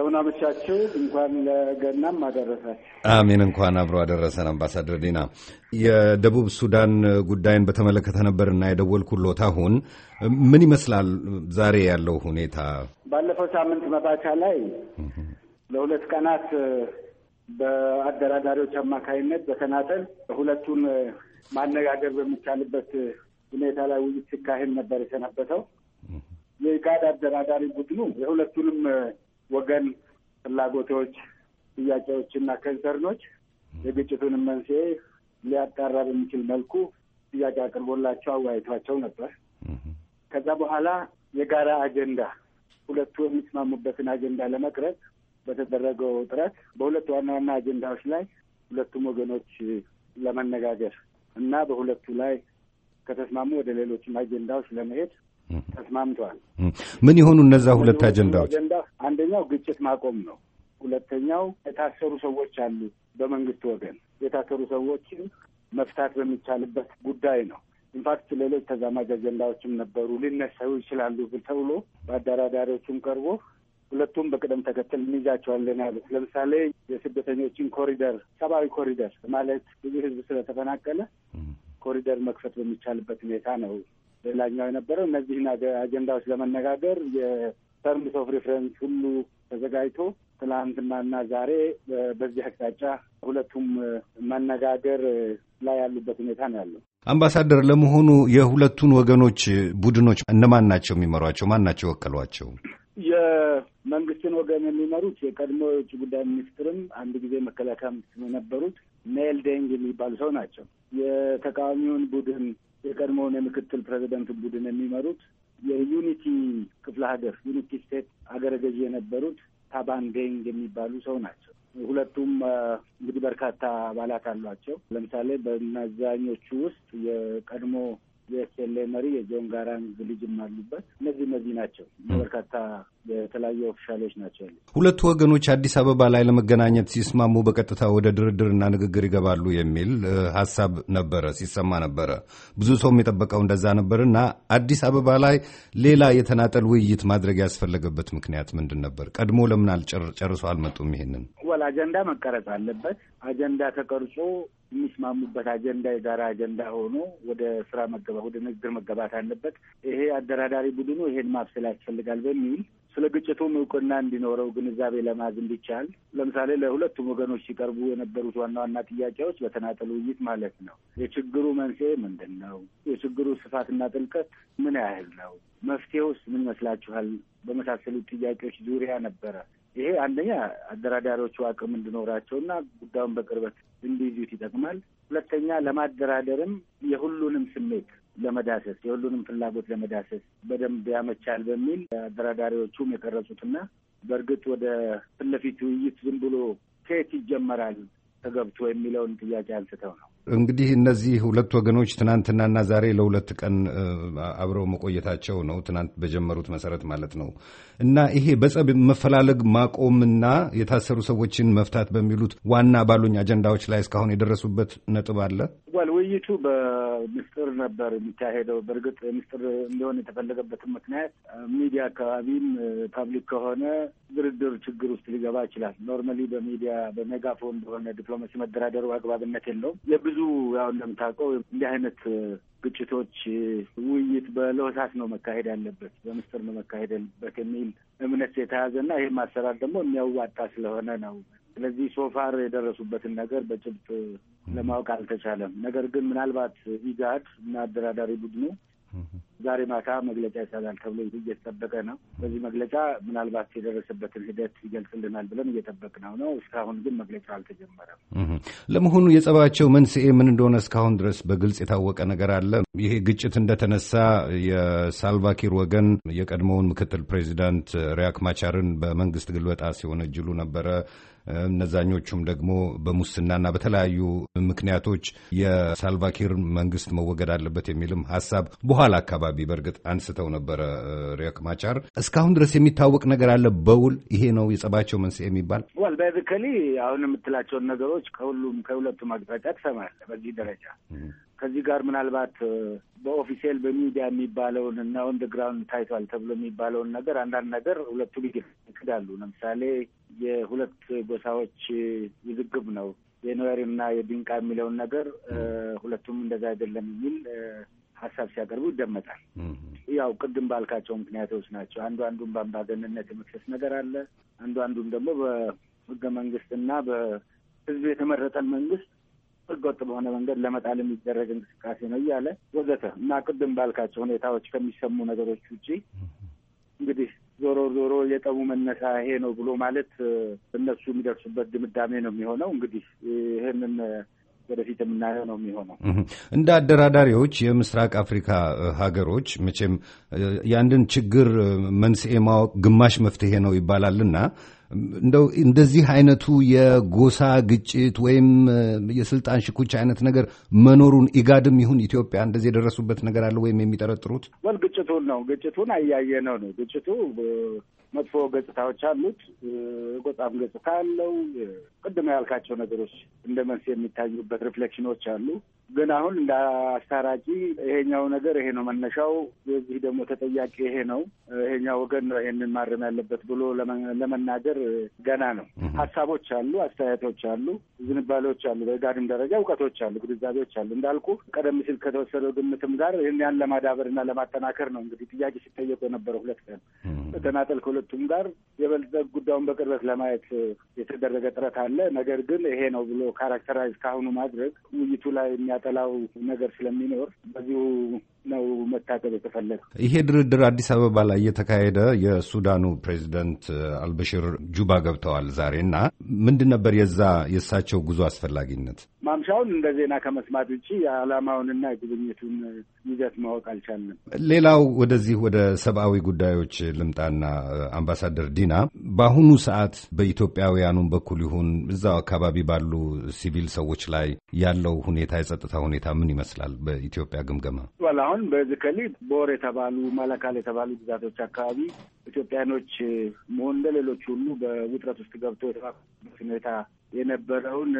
እንደምን እንኳን ለገናም አደረሳችሁ። አሜን። እንኳን አብሮ አደረሰን። አምባሳደር ዲና፣ የደቡብ ሱዳን ጉዳይን በተመለከተ ነበርና የደወልኩሎት። አሁን ምን ይመስላል ዛሬ ያለው ሁኔታ? ባለፈው ሳምንት መባቻ ላይ ለሁለት ቀናት በአደራዳሪዎች አማካይነት በተናጠል ሁለቱን ማነጋገር በሚቻልበት ሁኔታ ላይ ውይይት ሲካሄድ ነበር የሰነበተው። የኢጋድ አደራዳሪ ቡድኑ የሁለቱንም ወገን ፍላጎቶች፣ ጥያቄዎች እና ከንሰርኖች የግጭቱን መንስኤ ሊያጣራ በሚችል መልኩ ጥያቄ አቅርቦላቸው አወያይቷቸው ነበር። ከዛ በኋላ የጋራ አጀንዳ ሁለቱ የሚስማሙበትን አጀንዳ ለመቅረጽ በተደረገው ጥረት በሁለት ዋና ዋና አጀንዳዎች ላይ ሁለቱም ወገኖች ለመነጋገር እና በሁለቱ ላይ ከተስማሙ ወደ ሌሎችም አጀንዳዎች ለመሄድ ተስማምቷል። ምን የሆኑ እነዛ ሁለት አጀንዳዎች? አንደኛው ግጭት ማቆም ነው። ሁለተኛው የታሰሩ ሰዎች አሉ። በመንግስት ወገን የታሰሩ ሰዎችን መፍታት በሚቻልበት ጉዳይ ነው። ኢንፋክት ሌሎች ተዛማጅ አጀንዳዎችም ነበሩ ሊነሳው ይችላሉ ተብሎ በአደራዳሪዎቹም ቀርቦ ሁለቱም በቅደም ተከተል እንይዛቸዋለን ያሉት። ለምሳሌ የስደተኞችን ኮሪደር ሰብአዊ ኮሪደር ማለት ብዙ ህዝብ ስለተፈናቀለ ኮሪደር መክፈት በሚቻልበት ሁኔታ ነው ሌላኛው የነበረው እነዚህን አጀንዳዎች ለመነጋገር የተርምስ ኦፍ ሪፍረንስ ሁሉ ተዘጋጅቶ ትናንትናና ዛሬ በዚህ አቅጣጫ ሁለቱም መነጋገር ላይ ያሉበት ሁኔታ ነው ያለው። አምባሳደር፣ ለመሆኑ የሁለቱን ወገኖች ቡድኖች እነማን ናቸው የሚመሯቸው? ማን ናቸው ወከሏቸው? የመንግስትን ወገን የሚመሩት የቀድሞ የውጭ ጉዳይ ሚኒስትርም አንድ ጊዜ መከላከያ ሚኒስትር የነበሩት ኔል ዴንግ የሚባሉ ሰው ናቸው። የተቃዋሚውን ቡድን የቀድሞውን የምክትል ፕሬዚደንት ቡድን የሚመሩት የዩኒቲ ክፍለ ሀገር ዩኒቲ ስቴት አገረ ገዢ የነበሩት ታባንጌንግ የሚባሉ ሰው ናቸው። ሁለቱም እንግዲህ በርካታ አባላት አሏቸው። ለምሳሌ በእነዛኞቹ ውስጥ የቀድሞ የኤስኤልኤ መሪ የጆን ጋራንግ ልጅም አሉበት። እነዚህ እነዚህ ናቸው በርካታ የተለያዩ ኦፊሻሎች ናቸው ያሉ። ሁለቱ ወገኖች አዲስ አበባ ላይ ለመገናኘት ሲስማሙ በቀጥታ ወደ ድርድርና ንግግር ይገባሉ የሚል ሀሳብ ነበረ ሲሰማ ነበረ። ብዙ ሰውም የጠበቀው እንደዛ ነበር እና አዲስ አበባ ላይ ሌላ የተናጠል ውይይት ማድረግ ያስፈለገበት ምክንያት ምንድን ነበር? ቀድሞ ለምን ጨርሶ አልመጡም? ይሄንን ወል አጀንዳ መቀረጽ አለበት። አጀንዳ ተቀርጾ የሚስማሙበት አጀንዳ የጋራ አጀንዳ ሆኖ ወደ ስራ መገባ ወደ ንግግር መገባት አለበት። ይሄ አደራዳሪ ቡድኑ ይሄን ማብሰል ያስፈልጋል በሚል ስለ ግጭቱም እውቅና እንዲኖረው ግንዛቤ ለማዝ እንዲቻል ለምሳሌ ለሁለቱም ወገኖች ሲቀርቡ የነበሩት ዋና ዋና ጥያቄዎች በተናጠል ውይይት ማለት ነው። የችግሩ መንስኤ ምንድን ነው? የችግሩ ስፋትና ጥልቀት ምን ያህል ነው? መፍትሄውስ ምን ይመስላችኋል? በመሳሰሉት ጥያቄዎች ዙሪያ ነበረ። ይሄ አንደኛ አደራዳሪዎቹ አቅም እንዲኖራቸውና ጉዳዩን በቅርበት እንዲይዙት ይጠቅማል። ሁለተኛ ለማደራደርም የሁሉንም ስሜት ለመዳሰስ የሁሉንም ፍላጎት ለመዳሰስ በደንብ ያመቻል በሚል አደራዳሪዎቹም የቀረጹትና በእርግጥ ወደ ፊት ለፊት ውይይት ዝም ብሎ ከየት ይጀመራል ተገብቶ የሚለውን ጥያቄ አንስተው ነው እንግዲህ እነዚህ ሁለት ወገኖች ትናንትናና ዛሬ ለሁለት ቀን አብረው መቆየታቸው ነው። ትናንት በጀመሩት መሰረት ማለት ነው እና ይሄ በጸብ መፈላለግ ማቆምና የታሰሩ ሰዎችን መፍታት በሚሉት ዋና ባሉኝ አጀንዳዎች ላይ እስካሁን የደረሱበት ነጥብ አለ። ውይይቱ በምስጢር ነበር የሚካሄደው። በእርግጥ ምስጢር እንዲሆን የተፈለገበትን ምክንያት ሚዲያ አካባቢም ፓብሊክ ከሆነ ድርድር ችግር ውስጥ ሊገባ ይችላል። ኖርማሊ በሚዲያ በሜጋፎን በሆነ ዲፕሎማሲ መደራደሩ አግባብነት የለውም። የብዙ ያው እንደምታውቀው እንዲህ አይነት ግጭቶች ውይይት በለሆሳስ ነው መካሄድ ያለበት፣ በምስጢር ነው መካሄድ ያለበት የሚል እምነት የተያዘና ይህም አሰራር ደግሞ የሚያዋጣ ስለሆነ ነው። ስለዚህ ሶፋር የደረሱበትን ነገር በጭብጥ ለማወቅ አልተቻለም። ነገር ግን ምናልባት ኢጋድ እና አደራዳሪ ቡድኑ ዛሬ ማታ መግለጫ ይሰጣል ተብሎ እየተጠበቀ ነው። በዚህ መግለጫ ምናልባት የደረሰበትን ሂደት ይገልጽልናል ብለን እየጠበቅነው ነው። እስካሁን ግን መግለጫው አልተጀመረም። ለመሆኑ የጸባቸው መንስኤ ምን እንደሆነ እስካሁን ድረስ በግልጽ የታወቀ ነገር አለ? ይሄ ግጭት እንደተነሳ የሳልቫኪር ወገን የቀድሞውን ምክትል ፕሬዚዳንት ሪያክ ማቻርን በመንግስት ግልበጣ ሲሆነ እጅሉ ነበረ እነዛኞቹም ደግሞ በሙስናና በተለያዩ ምክንያቶች የሳልቫኪር መንግስት መወገድ አለበት የሚልም ሀሳብ በኋላ አካባቢ በእርግጥ አንስተው ነበረ ሪያክ ማቻር። እስካሁን ድረስ የሚታወቅ ነገር አለ በውል ይሄ ነው የጸባቸው መንስኤ የሚባል ወል አሁን የምትላቸውን ነገሮች ከሁሉም ከሁለቱም አቅጣጫ ትሰማለህ። በዚህ ደረጃ ከዚህ ጋር ምናልባት በኦፊሴል በሚዲያ የሚባለውን እና ኦንደግራውንድ ታይቷል ተብሎ የሚባለውን ነገር አንዳንድ ነገር ሁለቱ ይክዳሉ። ለምሳሌ የሁለት ጎሳዎች ውዝግብ ነው የኑዌር እና የዲንቃ የሚለውን ነገር ሁለቱም እንደዛ አይደለም የሚል ሀሳብ ሲያቀርቡ ይደመጣል። ያው ቅድም ባልካቸው ምክንያቶች ናቸው። አንዱ አንዱን በአምባገንነት የመክሰስ ነገር አለ። አንዱ አንዱም ደግሞ በህገ መንግስትና በህዝብ የተመረጠን መንግስት ህገወጥ በሆነ መንገድ ለመጣል የሚደረግ እንቅስቃሴ ነው እያለ ወዘተ እና ቅድም ባልካቸው ሁኔታዎች ከሚሰሙ ነገሮች ውጪ እንግዲህ ዞሮ ዞሮ የጠቡ መነሳ ይሄ ነው ብሎ ማለት እነሱ የሚደርሱበት ድምዳሜ ነው የሚሆነው። እንግዲህ ይህንን ወደፊት የምናየው ነው የሚሆነው። እንደ አደራዳሪዎች የምስራቅ አፍሪካ ሀገሮች መቼም የአንድን ችግር መንስኤ ማወቅ ግማሽ መፍትሄ ነው ይባላልና እንደው እንደዚህ አይነቱ የጎሳ ግጭት ወይም የስልጣን ሽኩች አይነት ነገር መኖሩን ኢጋድም ይሁን ኢትዮጵያ እንደዚህ የደረሱበት ነገር አለ ወይም የሚጠረጥሩት ወል ግጭቱን ነው ግጭቱን አያየ ነው ነው ግጭቱ መጥፎ ገጽታዎች አሉት። ጎጣም ገጽታ አለው። ቅድም ያልካቸው ነገሮች እንደ መንስኤ የሚታዩበት ሪፍሌክሽኖች አሉ። ግን አሁን እንደ አስታራቂ ይሄኛው ነገር ይሄ ነው መነሻው፣ የዚህ ደግሞ ተጠያቂ ይሄ ነው፣ ይሄኛው ወገን ነው ይሄንን ማረም ያለበት ብሎ ለመናገር ገና ነው። ሀሳቦች አሉ፣ አስተያየቶች አሉ፣ ዝንባሌዎች አሉ፣ በጋድም ደረጃ እውቀቶች አሉ፣ ግንዛቤዎች አሉ። እንዳልኩ ቀደም ሲል ከተወሰደው ግምትም ጋር ይህን ያን ለማዳበር እና ለማጠናከር ነው እንግዲህ ጥያቄ ሲጠየቁ የነበረው ሁለት ቀን በተናጠል ከሁለቱም ጋር የበለጠ ጉዳዩን በቅርበት ለማየት የተደረገ ጥረት አለ። ነገር ግን ይሄ ነው ብሎ ካራክተራይዝ ከአሁኑ ማድረግ ውይይቱ ላይ የሚያ የሚያጠላው ነገር ስለሚኖር በዚሁ ነው መታቀብ የተፈለገ። ይሄ ድርድር አዲስ አበባ ላይ እየተካሄደ የሱዳኑ ፕሬዚደንት አልበሽር ጁባ ገብተዋል ዛሬ እና ምንድን ነበር የዛ የእሳቸው ጉዞ አስፈላጊነት? ማምሻውን እንደ ዜና ከመስማት ውጭ የዓላማውንና የጉብኝቱን ይዘት ማወቅ አልቻለም። ሌላው ወደዚህ ወደ ሰብአዊ ጉዳዮች ልምጣና አምባሳደር ዲና በአሁኑ ሰዓት በኢትዮጵያውያኑም በኩል ይሁን እዛው አካባቢ ባሉ ሲቪል ሰዎች ላይ ያለው ሁኔታ የጸጥታ ሁኔታ ምን ይመስላል? በኢትዮጵያ ግምገማ አሁን በዝከሊ ቦር የተባሉ ማላካል የተባሉ ግዛቶች አካባቢ ኢትዮጵያኖች መሆን እንደሌሎች ሁሉ በውጥረት ውስጥ ገብቶ የተባበት ሁኔታ የነበረውን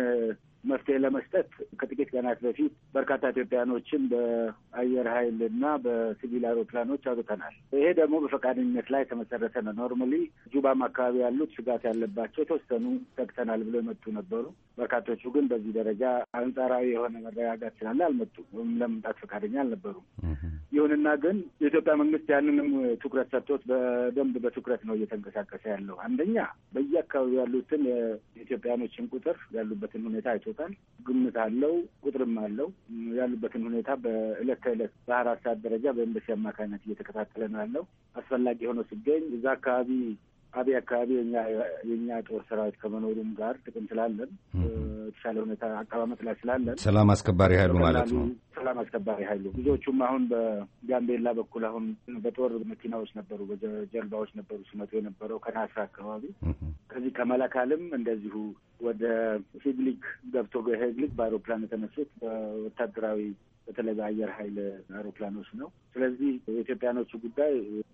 መፍትሄ ለመስጠት ከጥቂት ቀናት በፊት በርካታ ኢትዮጵያኖችን በአየር ኃይል እና በሲቪል አውሮፕላኖች አውጥተናል። ይሄ ደግሞ በፈቃደኝነት ላይ የተመሰረተ ነው። ኖርማሊ ጁባም አካባቢ ያሉት ስጋት ያለባቸው የተወሰኑ ጠቅተናል ብሎ የመጡ ነበሩ። በርካቶቹ ግን በዚህ ደረጃ አንጻራዊ የሆነ መረጋጋት ስላለ አልመጡም ወይም ለመምጣት ፈቃደኛ አልነበሩም። ይሁንና ግን የኢትዮጵያ መንግስት ያንንም ትኩረት ሰጥቶት በደንብ በትኩረት ነው እየተንቀሳቀሰ ያለው። አንደኛ በየአካባቢው ያሉትን የኢትዮጵያኖችን ቁጥር ያሉበትን ሁኔታ አይቶ ሰጥቶታል። ግምት አለው፣ ቁጥርም አለው። ያሉበትን ሁኔታ በእለት ተእለት በአራት ሰዓት ደረጃ በኤምበሲ አማካኝነት እየተከታተለ ነው ያለው። አስፈላጊ ሆኖ ሲገኝ እዛ አካባቢ አብይ አካባቢ የእኛ ጦር ሰራዊት ከመኖሩም ጋር ጥቅም ስላለን የተሻለ ሁኔታ አቀማመጥ ላይ ስላለን ሰላም አስከባሪ ኃይሉ ማለት ነው። ሰላም አስከባሪ ኃይሉ ብዙዎቹም አሁን በጋምቤላ በኩል አሁን በጦር መኪናዎች ነበሩ፣ በጀልባዎች ነበሩ ሲመጡ የነበረው ከናስራ አካባቢ ከዚህ ከመለካልም እንደዚሁ ወደ ሂግሊክ ገብቶ ሄግሊክ በአይሮፕላን የተነሱት በወታደራዊ በተለይ በአየር ኃይል አውሮፕላኖች ነው። ስለዚህ የኢትዮጵያኖቹ ጉዳይ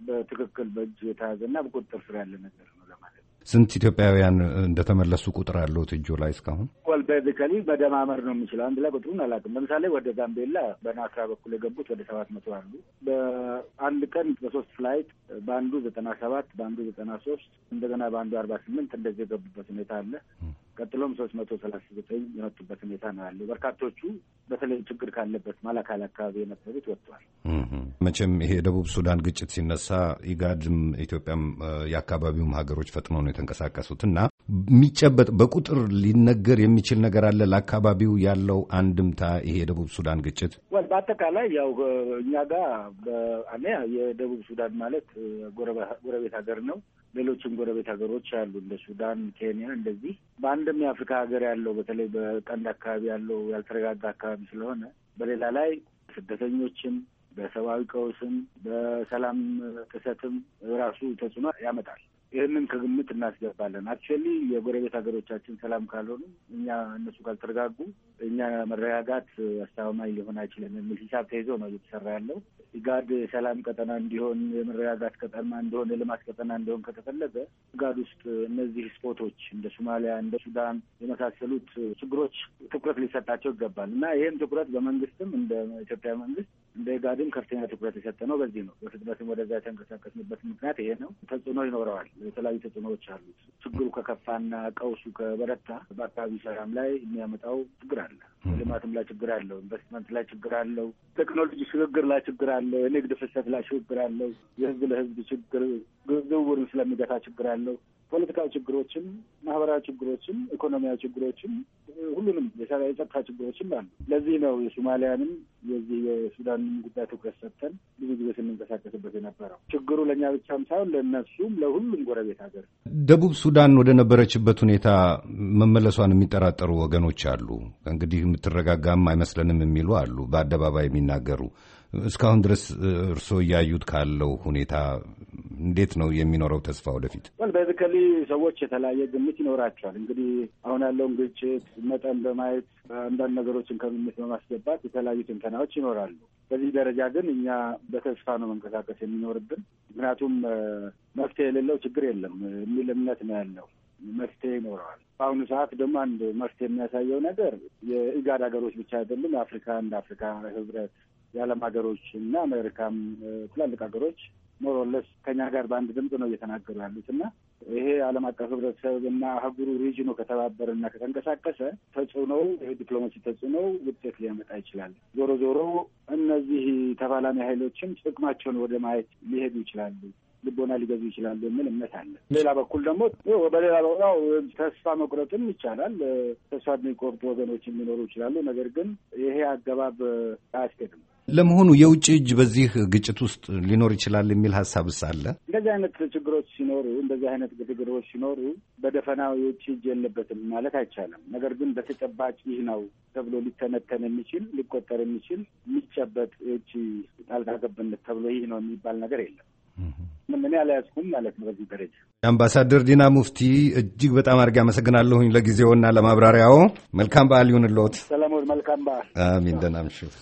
በትክክል በእጅ የተያዘና በቁጥጥር ስር ያለ ነገር ነው ለማለት ነው። ስንት ኢትዮጵያውያን እንደተመለሱ ቁጥር አለው እጆ ላይ እስካሁን? ወል ቤዚካሊ መደማመር ነው የሚችለው። አንድ ላይ ቁጥሩን አላውቅም። ለምሳሌ ወደ ጋምቤላ በናስራ በኩል የገቡት ወደ ሰባት መቶ አሉ። በአንድ ቀን በሶስት ፍላይት በአንዱ ዘጠና ሰባት በአንዱ ዘጠና ሶስት እንደገና በአንዱ አርባ ስምንት እንደዚህ የገቡበት ሁኔታ አለ። ቀጥሎም ሶስት መቶ ሰላሳ ዘጠኝ የመጡበት ሁኔታ ነው ያለው። በርካቶቹ በተለይ ችግር ካለበት ማላካል አካባቢ የነበሩት ወጥቷል። መቼም ይሄ የደቡብ ሱዳን ግጭት ሲነሳ ኢጋድም ኢትዮጵያም የአካባቢውም ሀገሮች ፈጥነው ነው የተንቀሳቀሱት እና የሚጨበጥ በቁጥር ሊነገር የሚችል ነገር አለ ለአካባቢው ያለው አንድምታ ይሄ የደቡብ ሱዳን ግጭት በአጠቃላይ ያው እኛ ጋር የደቡብ ሱዳን ማለት ጎረቤት ሀገር ነው። ሌሎችም ጎረቤት ሀገሮች አሉ እንደ ሱዳን፣ ኬንያ እንደዚህ በአንድም የአፍሪካ ሀገር ያለው በተለይ በቀንድ አካባቢ ያለው ያልተረጋጋ አካባቢ ስለሆነ በሌላ ላይ ስደተኞችም በሰብአዊ ቀውስም በሰላም ጥሰትም ራሱ ተጽዕኖ ያመጣል። ይህንን ከግምት እናስገባለን። አክቹዋሊ የጎረቤት ሀገሮቻችን ሰላም ካልሆኑ እኛ እነሱ ካልተረጋጉ እኛ መረጋጋት አስተማማኝ ሊሆን አይችልም የሚል ሂሳብ ተይዞ ነው እየተሰራ ያለው። ኢጋድ የሰላም ቀጠና እንዲሆን፣ የመረጋጋት ቀጠና እንዲሆን፣ የልማት ቀጠና እንዲሆን ከተፈለገ ኢጋድ ውስጥ እነዚህ ስፖቶች እንደ ሶማሊያ፣ እንደ ሱዳን የመሳሰሉት ችግሮች ትኩረት ሊሰጣቸው ይገባል እና ይህም ትኩረት በመንግስትም እንደ ኢትዮጵያ መንግስት እንደ ኢጋድም ከፍተኛ ትኩረት የሰጠ ነው። በዚህ ነው በፍጥነትም ወደዛ የተንቀሳቀስንበት ምክንያት ይሄ ነው። ተጽዕኖ ይኖረዋል። የተለያዩ ተጽዕኖዎች አሉት። ችግሩ ከከፋና ቀውሱ ከበረታ በአካባቢ ሰላም ላይ የሚያመጣው ችግር አለ። ልማትም ላይ ችግር አለው። ኢንቨስትመንት ላይ ችግር አለው። ቴክኖሎጂ ሽግግር ላይ ችግር አለው። የንግድ ፍሰት ላይ ሽግግር አለው። የህዝብ ለህዝብ ችግር ዝውውርን ስለሚገታ ችግር አለው። ፖለቲካዊ ችግሮችም፣ ማህበራዊ ችግሮችም፣ ኢኮኖሚያዊ ችግሮችም ሁሉንም የጸጥታ ችግሮችም አሉ። ለዚህ ነው የሶማሊያንም የዚህ የሱዳንም ጉዳይ ትኩረት ሰጥተን ብዙ ጊዜ ስንንቀሳቀስበት የነበረው። ችግሩ ለእኛ ብቻም ሳይሆን ለእነሱም ለሁሉም ጎረቤት ሀገር። ደቡብ ሱዳን ወደ ነበረችበት ሁኔታ መመለሷን የሚጠራጠሩ ወገኖች አሉ። እንግዲህ የምትረጋጋም አይመስለንም የሚሉ አሉ፣ በአደባባይ የሚናገሩ እስካሁን ድረስ እርስዎ እያዩት ካለው ሁኔታ እንዴት ነው የሚኖረው ተስፋ ወደፊት? በዚከሊ ሰዎች የተለያየ ግምት ይኖራቸዋል። እንግዲህ አሁን ያለውን ግጭት መጠን በማየት አንዳንድ ነገሮችን ከግምት በማስገባት የተለያዩ ትንተናዎች ይኖራሉ። በዚህ ደረጃ ግን እኛ በተስፋ ነው መንቀሳቀስ የሚኖርብን። ምክንያቱም መፍትሄ የሌለው ችግር የለም የሚል እምነት ነው ያለው። መፍትሄ ይኖረዋል። በአሁኑ ሰዓት ደግሞ አንድ መፍትሄ የሚያሳየው ነገር የኢጋድ ሀገሮች ብቻ አይደሉም። የአፍሪካ እንደ አፍሪካ ህብረት የዓለም ሀገሮች እና አሜሪካም ትላልቅ ሀገሮች ሞሮለስ ከኛ ጋር በአንድ ድምፅ ነው እየተናገሩ ያሉት እና ይሄ ዓለም አቀፍ ህብረተሰብ እና አህጉሩ ሪጅኑ ከተባበረ እና ከተንቀሳቀሰ ተጽዕኖው ዲፕሎማሲ ተጽዕኖው ውጤት ሊያመጣ ይችላል። ዞሮ ዞሮ እነዚህ ተፋላሚ ኃይሎችም ጥቅማቸውን ወደ ማየት ሊሄዱ ይችላሉ ልቦና ሊገዙ ይችላሉ የሚል እምነት አለ። ሌላ በኩል ደግሞ በሌላ በኩል ተስፋ መቁረጥም ይቻላል። ተስፋ የሚቆርጡ ወገኖች ሊኖሩ ይችላሉ። ነገር ግን ይሄ አገባብ አያስኬድም። ለመሆኑ የውጭ እጅ በዚህ ግጭት ውስጥ ሊኖር ይችላል የሚል ሀሳብስ አለ? እንደዚህ አይነት ችግሮች ሲኖሩ፣ እንደዚህ አይነት ግድግሮች ሲኖሩ በደፈናው የውጭ እጅ የለበትም ማለት አይቻልም። ነገር ግን በተጨባጭ ይህ ነው ተብሎ ሊተነተን የሚችል ሊቆጠር የሚችል የሚጨበጥ የውጭ ጣልቃ ገብነት ተብሎ ይህ ነው የሚባል ነገር የለም። ምን አልያዝኩም ማለት ነው። በዚህ ደረጃ የአምባሳደር ዲና ሙፍቲ እጅግ በጣም አድርጌ አመሰግናለሁኝ ለጊዜውና ለማብራሪያው። መልካም በዓል ይሁንልዎት ሰለሞን። መልካም በዓል። አሚን። ደህና